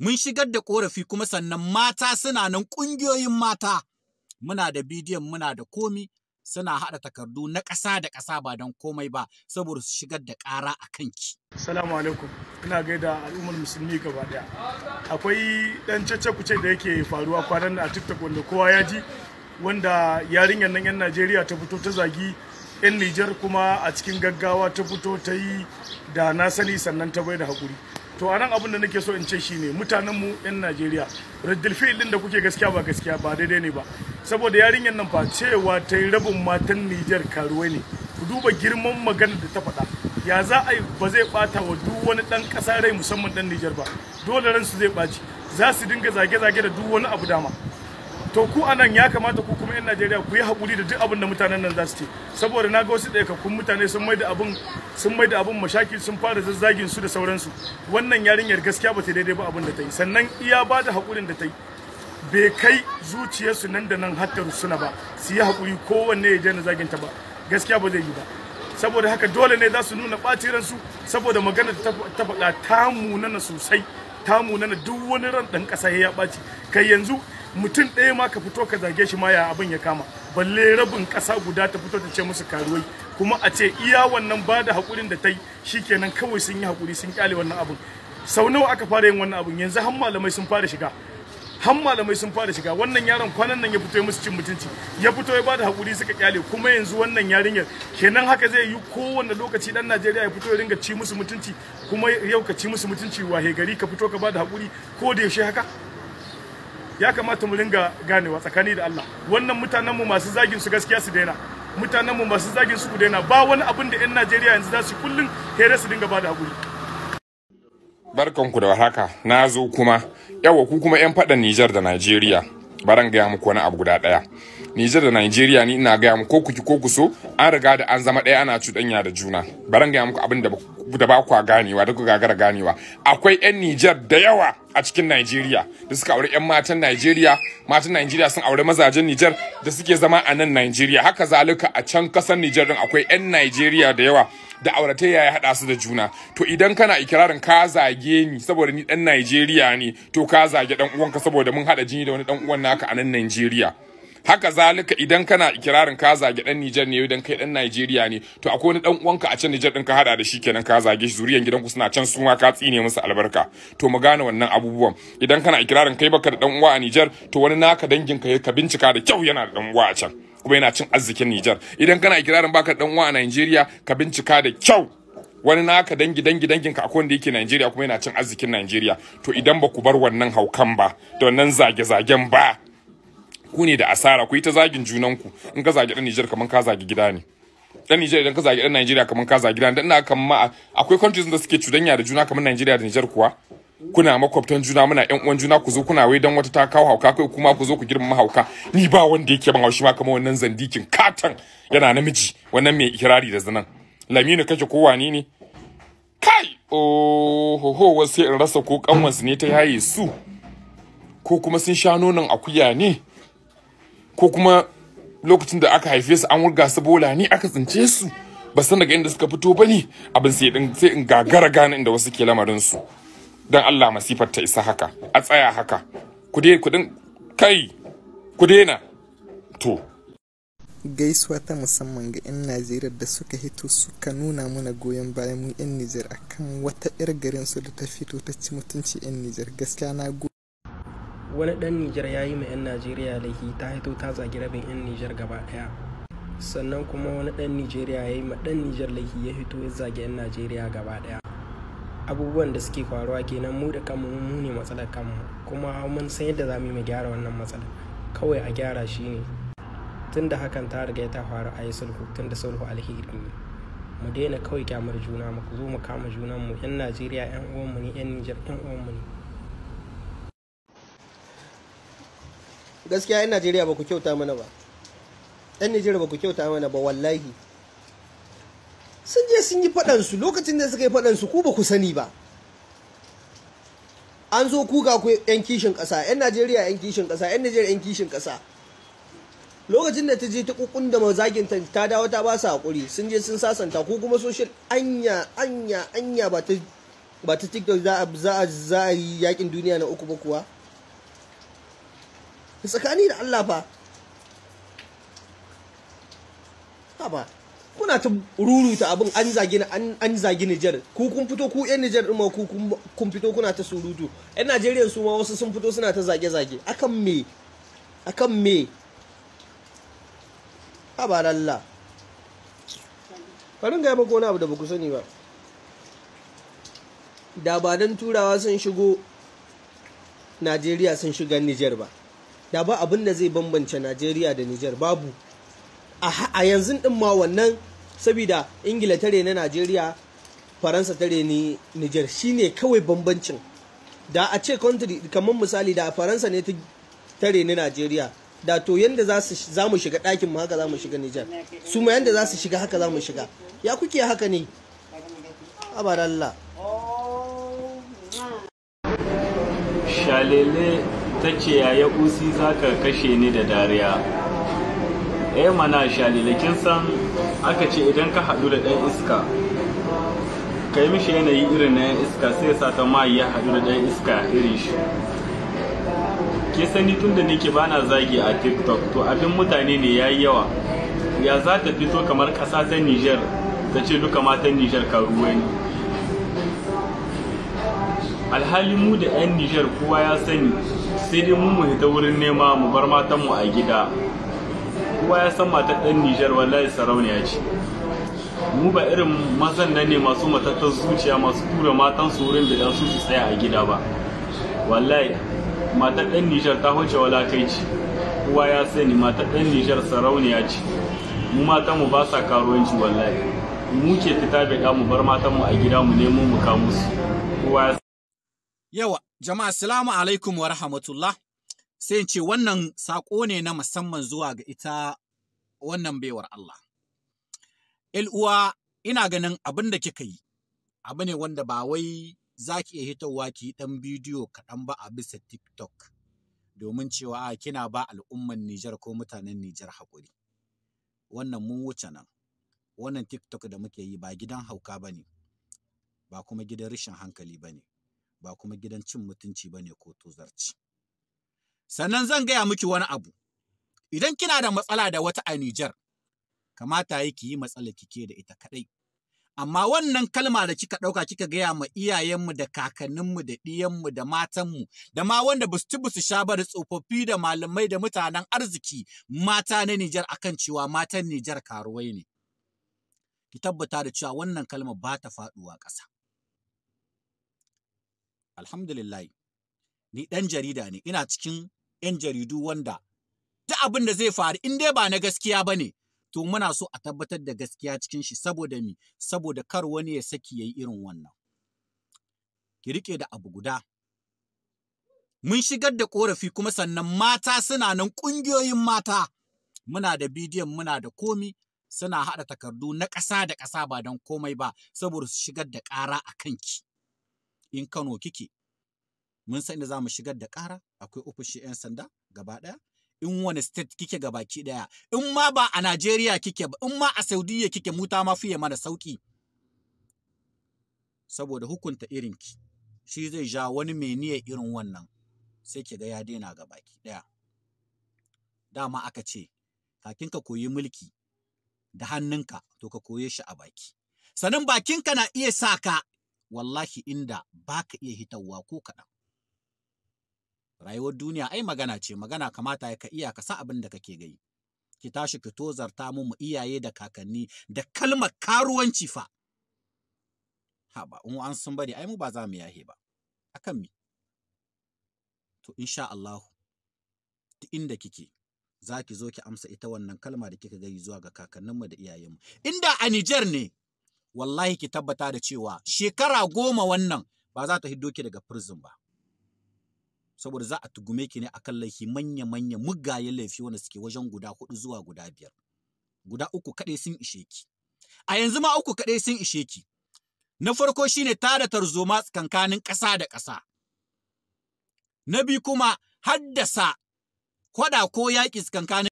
mun shigar da korafi kuma sannan mata suna nan ƙungiyoyin mata muna da bidiyon muna da komi suna haɗa takardu na ƙasa da ƙasa ba don komai ba saboda su shigar da ƙara a kanki. Salamu alaikum, ina gaida al'ummar musulmi gaba ɗaya. Akwai ɗan cece kuce da yake faruwa kwanan da a TikTok wanda kowa ya ji wanda yarinyar nan 'yan Najeriya ta fito ta zagi 'yan Nijar kuma a cikin gaggawa ta fito ta yi da na sani sannan ta bai da haƙuri. to a nan abin da nake so in ce shine mutanenmu 'yan najeriya raddil din da kuke gaskiya ba gaskiya ba daidai ne ba saboda yarinyar nan fa cewa ta yi rabin matan nijar karuwa ne ku duba girman magana da ta faɗa ya za a yi ba zai ɓata wa duk wani ɗan ƙasa rai musamman ɗan nijar ba dole ransu zai ɓaci za su dinga zage-zage da duk wani abu dama to ku nan ya kamata ku kuma 'yan Najeriya ku yi haƙuri da duk abin da mutanen nan za su ce saboda na ga wasu ɗaikakkun mutane sun maida abin abin mashaki sun fara zazzagin su da sauransu wannan yarinyar gaskiya ba ta daidai ba abin da ta yi sannan iya ba da haƙurin da ta yi bai kai zuciyarsu nan da nan hatta rusuna ba su yi haƙuri kowanne ya je zagin ta ba gaskiya ba zai yi ba saboda haka dole ne za su nuna ɓacin ransu saboda magana ta faɗa ta munana sosai ta munana duk wani ran ɗan ƙasa ya ɓaci kai yanzu mutum ɗaya ma ka fito ka zage shi ma ya abin ya kama balle rabin ƙasa guda ta fito ta ce musu karuwai kuma a ce iya wannan ba da haƙurin da ta yi shikenan kawai sun yi haƙuri sun ƙyale wannan abin sau nawa aka fara yin wannan abin yanzu har malamai sun fara shiga har malamai sun fara shiga wannan yaron kwanan nan ya fito ya musu cin mutunci ya fito ya bada hakuri suka kyale kuma yanzu wannan yarinyar kenan haka zai yi kowanne lokaci dan Najeriya ya fito ya ringa ci musu mutunci kuma yau ka ci musu mutunci wahe gari ka fito ka bada hakuri ko da yaushe haka ya kamata mu ringa ganewa tsakani da Allah wannan mutanen mu masu zagin su gaskiya su daina mutanen mu masu zagin su daina ba wani abin da yan Najeriya yanzu za su kullun here su dinga bada hakuri barkanku da warhaka na zo kuma yawa ku kuma yan fadan Niger da Najeriya baran gaya muku wani abu guda daya Niger da Najeriya ni ina gaya muku ko kuki ko ku so an riga da an zama daya ana cuɗanya da juna baran gaya muku abin da da ba kwa ganewa da gagara ganewa akwai yan Nijar da yawa a cikin Najeriya da suka aure yan matan Najeriya matan Najeriya sun aure mazajen Nijar da suke zama a nan Najeriya haka zalika a can kasar Nijar din akwai yan Najeriya da yawa da aurata ya haɗa su da juna to idan kana ikirarin ka zage ni saboda ni dan Najeriya ne to ka zage dan uwanka saboda mun haɗa jini da wani dan uwan naka a nan Najeriya haka zalika idan kana ikirarin ka zage dan Niger ne idan kai dan Najeriya ne to akwai wani dan uwanka a can Niger din ka hada da shi kenan ka zage shi zuriyan gidanku suna can su ma ka tsine musu albarka to mu gane wannan abubuwan idan kana ikirarin kai baka da dan uwa a Niger to wani naka dangin ka ka bincika da kyau yana da dan uwa a can kuma yana cin arzikin Niger idan kana ikirarin baka da dan uwa a Nigeria ka bincika da kyau wani naka dangi dangi dangin ka akwai wanda yake Nigeria kuma yana cin arzikin Nigeria to idan ba ku bar wannan haukan ba da wannan zage zagen ba ku ne da asara ku yi ta zagin junanku in ka zagi dan Niger kaman ka zagi gida ne dan Niger idan ka zagi dan Najeriya kaman ka zagi gida dan ina ma akwai countries da suke cudanya da juna kaman Najeriya da Niger kuwa kuna makwabtan juna muna yan uwan juna ku zo kuna wai dan wata ta kawo hauka kai kuma ku zo ku girmama hauka ni ba wanda yake ban haushi ma kaman wannan zandikin katan yana namiji wannan mai ikirari da zanan laminu kake ko wani ne kai ho wasu in rasa ko kanwansu ne ta yaye su ko kuma sun sha nonon akuya ne ko kuma lokacin da aka haife su an wurga su bola ni aka tsince su ba san daga inda suka fito ba ne abin sai in gagara gane inda wasu ke lamarin su dan Allah masifar ta isa haka a tsaya haka ku dai ku kai ku daina to gaisuwa ta musamman ga 'yan najeriya da suka hito suka nuna mana goyon bayan mu 'yan nijar akan wata 'yar garin su da ta fito ta ci mutunci 'yan nijar gaskiya na wani dan nijar ya yi ma 'yan najeriya laifi ta haito ta zagi rabin 'yan nijar gaba daya. sannan kuma wani dan nijeriya ya yi ma nijar laifi ya hito ya zagi 'yan najeriya gaba daya. abubuwan da suke faruwa kenan mu da kanmu mu ne matsalar kanmu kuma mun san yadda za mu yi gyara wannan matsalar kawai a gyara shi ne tun da hakan ta riga ta faru a yi sulhu tun da sulhu alheri ne mu daina kawai kyamar juna mu zo mu kama junanmu 'yan najeriya 'yan uwanmu ne 'yan nijar 'yan uwanmu ne gaskiya 'yan najeriya ba ku kyauta mana ba 'yan najeriya ba ku kyauta mana ba wallahi sun je sun yi faɗansu lokacin da suka yi faɗansu ku ba ku sani ba an zo ku ga ku 'yan kishin ƙasa 'yan najeriya 'yan kishin ƙasa 'yan najeriya 'yan kishin ƙasa lokacin da ta je ta kukun da mazagin ta ta dawo ta ba su hakuri sun je sun sasanta ko kuma social anya anya anya ba ta ba ta tiktok za a za a yi yakin duniya na uku ba kuwa tsakani da Allah fa haba kuna ta ruruta abin an zagi an zagi Niger ku kun fito ku yan Niger din ma ku kun fito kuna ta surutu yan Najeriya su ma wasu sun fito suna ta zage zage akan me akan me haba Allah farin ga maka wani abu da ba ku sani ba da ba don turawa sun shigo Najeriya sun shiga Niger ba da ba abin da zai bambance najeriya da nijar babu a yanzu din ma wannan saboda ingila tare na najeriya faransa tare ni nijar shine kawai bambancin da a ce country kamar misali da faransa ne tare ni najeriya da to yanda za mu shiga ɗakin mu haka za mu shiga nijar su ma yanda za su shiga haka za mu shiga ya kuke haka ne abarallah shalele ta ce ya yaya kusi za ka kashe ni da dariya yi eh mana shalilakin san aka ce idan ka haɗu da ɗan iska ka yi mishi yanayi irin na iska sai sa ta ma ya haɗu da ɗan iska irin shi ke sani tun da nake na zagi a tiktok to abin mutane ne ya yi yawa ya za ta fito kamar ƙasa ta niger ta ce duka matan niger ruwa ne alhali mu da 'yan niger kowa ya sani sai dai mun mu ta wurin nema mu bar matanmu a gida kowa ya san matar ɗan nijar wallahi sarauniya ce mu ba irin mazan nan ne masu matattar zuciya masu tura matan su wurin da su su tsaya a gida ba wallahi matar ɗan nijar ta huce walakaici kowa ya sani matar ɗan nijar sarauniya ce mu matan mu ba sa karuwanci wallahi mu ke fita da mu bar matan mu a gida mu nemo mu kawo musu kowa ya Yawa, jama'a salamu alaikum wa rahmatullah. Sai ce wannan saƙo ne na musamman zuwa ga ita wannan baiwar Allah. uwa ina ganin abin da kika yi, abu ne wanda ba wai za ki iya hitowa ki yi ɗan bidiyo kaɗan ba a bisa TikTok, domin cewa kina ba al'umman Nijar ko mutanen Nijar haƙuri. Wannan mun wuce nan, wannan TikTok da muke yi ba gidan hauka ba ne, ba kuma gidan rashin hankali ba ne. ba kuma gidan cin mutunci ba ne ko tozarci. Sannan zan gaya miki wani abu, idan kina da matsala da wata a Nijar, kamata yi ki yi matsala kike da ita kaɗai. Amma wannan kalma da kika ɗauka kika gaya ma iyayenmu da kakanninmu da ɗiyanmu da matanmu da ma wanda ba su ci su sha ba da tsofaffi da malamai da mutanen arziki mata na Nijar akan cewa matan Nijar karuwai ne. Ki tabbata da cewa wannan kalma ba ta faɗuwa ƙasa. alhamdulillah ni ɗan jarida ne ina cikin 'yan jaridu wanda ta abin da zai faru in dai ba na gaskiya ba ne to muna so a tabbatar da gaskiya cikin shi saboda mi saboda kar wani ya saki ya yi irin wannan ki rike da abu guda mun shigar da korafi kuma sannan mata suna nan ƙungiyoyin mata muna da bidiyon muna da komi suna haɗa takardu na ƙasa da ƙasa ba don komai ba saboda su shigar da ƙara a kanki in Kano kike mun san inda za mu shigar da ƙara akwai ofishin 'yan sanda gaba ɗaya in wani state kike ga baki ɗaya in ma ba a Najeriya kike ba in ma a Saudiya kike muta ma fiye mana sauki saboda hukunta irinki shi zai ja wani mai irin wannan sai ki ga ya daina ga baki ɗaya dama aka ce kakin ka koyi mulki da hannunka to ka koye shi a baki sannan bakinka na iya sa ka wallahi inda baka iya hitarwa ko kaɗan. Rayuwar duniya ai magana ce, magana kamata ya ka iya kasa abin da kake gai. Ki tashi ki tozarta mu iyaye da kakanni da kalmar karuwanci fa. ba, in an sun bari ai mu ba za mu yahe ba. Akan mi? To insha Allah duk inda kike za ki zo ki amsa ita wannan kalma da kika gani zuwa ga kakanninmu da iyayenmu. Inda a Nijar ne wallahi ki tabbata da cewa shekara goma wannan ba za ta hiddo ki daga prison ba. Saboda za a tugume ki ne akan laifi manya-manya mugayen laifi wanda suke wajen guda hudu zuwa guda biyar. Guda uku kaɗai sun ishe ki. A yanzu ma uku kaɗai sun ishe ki. Na farko shine tada tarzoma tsakankanin ƙasa da ƙasa. Na biyu kuma haddasa kwada ko yaƙi tsakankanin